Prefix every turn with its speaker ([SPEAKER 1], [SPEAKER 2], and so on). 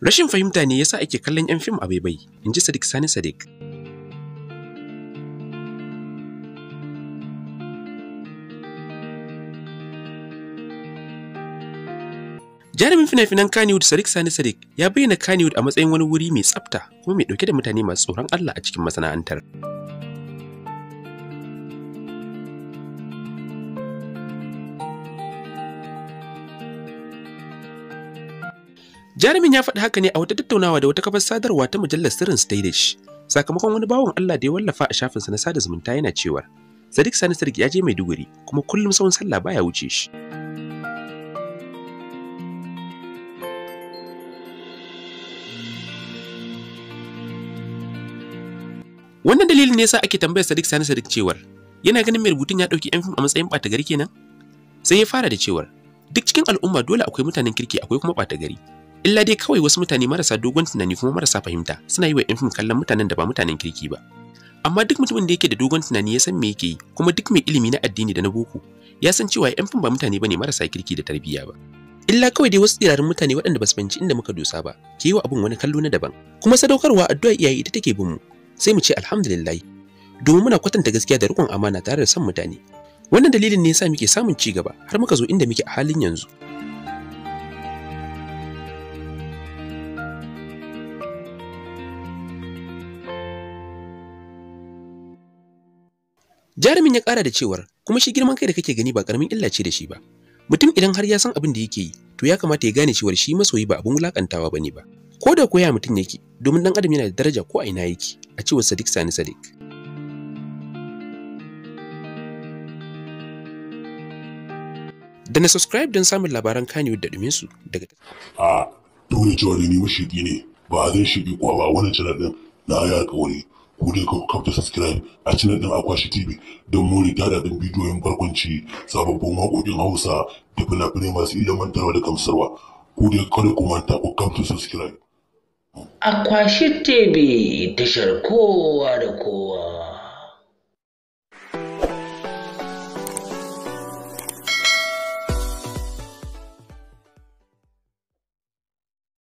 [SPEAKER 1] Rashin fahimta ne yasa ake kallon 'yan fim a baibai, in ji Sadiq Sani Sadiq. Jarumin fina-finan Kannywood Sadiq Sani Sadiq ya bayyana Kannywood a matsayin wani wuri mai tsafta kuma mai ɗauke da mutane masu tsoron Allah a cikin masana'antar. Jarumin ya faɗi haka ne a wata tattaunawa da wata kafar sadarwa ta mujallar sirrin Stadish. Sakamakon wani bawan Allah da ya wallafa a shafinsa na sada zumunta yana cewa Sadiq Sani Sadiq ya je Maiduguri kuma kullum tsawon sallah baya wuce shi. Wannan dalilin ne yasa ake tambayar Sadiq Sani Sadiq cewar yana ganin mai rubutun ya ɗauki 'yan fim a matsayin ɓata gari kenan? Sai ya fara da cewar duk cikin al'umma dole akwai mutanen kirki akwai kuma ɓata gari illa dai kawai wasu mutane marasa dogon tunani kuma marasa fahimta suna yi wa yan fim kallon mutanen da ba mutanen kirki ba amma duk mutumin da yake da dogon tunani ya san me yake yi kuma duk mai ilimi na addini da na boko ya san cewa yan fim ba mutane bane marasa kirki da tarbiyya ba illa kawai dai wasu tsirarin mutane waɗanda ba su fahimci inda muka dosa ba ke yi wa abin wani kallo na daban kuma sadaukarwa addu'a iyaye ita take bin mu sai mu ce alhamdulillah domin muna kwatanta gaskiya da riƙon amana tare da son mutane wannan dalilin ne yasa muke samun ci gaba har muka zo inda muke a halin yanzu Jarumin ya ƙara da cewar kuma shi girman kai da kake gani ba ƙaramin illa ce da shi ba. Mutum idan har ya san abin da yake yi to ya kamata ya gane cewar shi masoyi ba abin wulakantawa bane ba. Ko da koya mutum yake domin dan adam yana da daraja ko a ina yake a cewar Sadiq Sani Sadiq. da na subscribe don samun labaran kaniyar da ɗuminsu
[SPEAKER 2] daga a dole cewa ne ni mashigi ne ba zan shigi kwa ba wani channel din na ya wani. ku ka kafa subscribe a channel din Akwashi TV don more daɗin bidiyoyin barkwanci sababbin waƙoƙin Hausa da fina-finai masu ilmantarwa da gamsarwa ku dai kada ku manta ku kamta subscribe Akwashi TV tashar kowa da kowa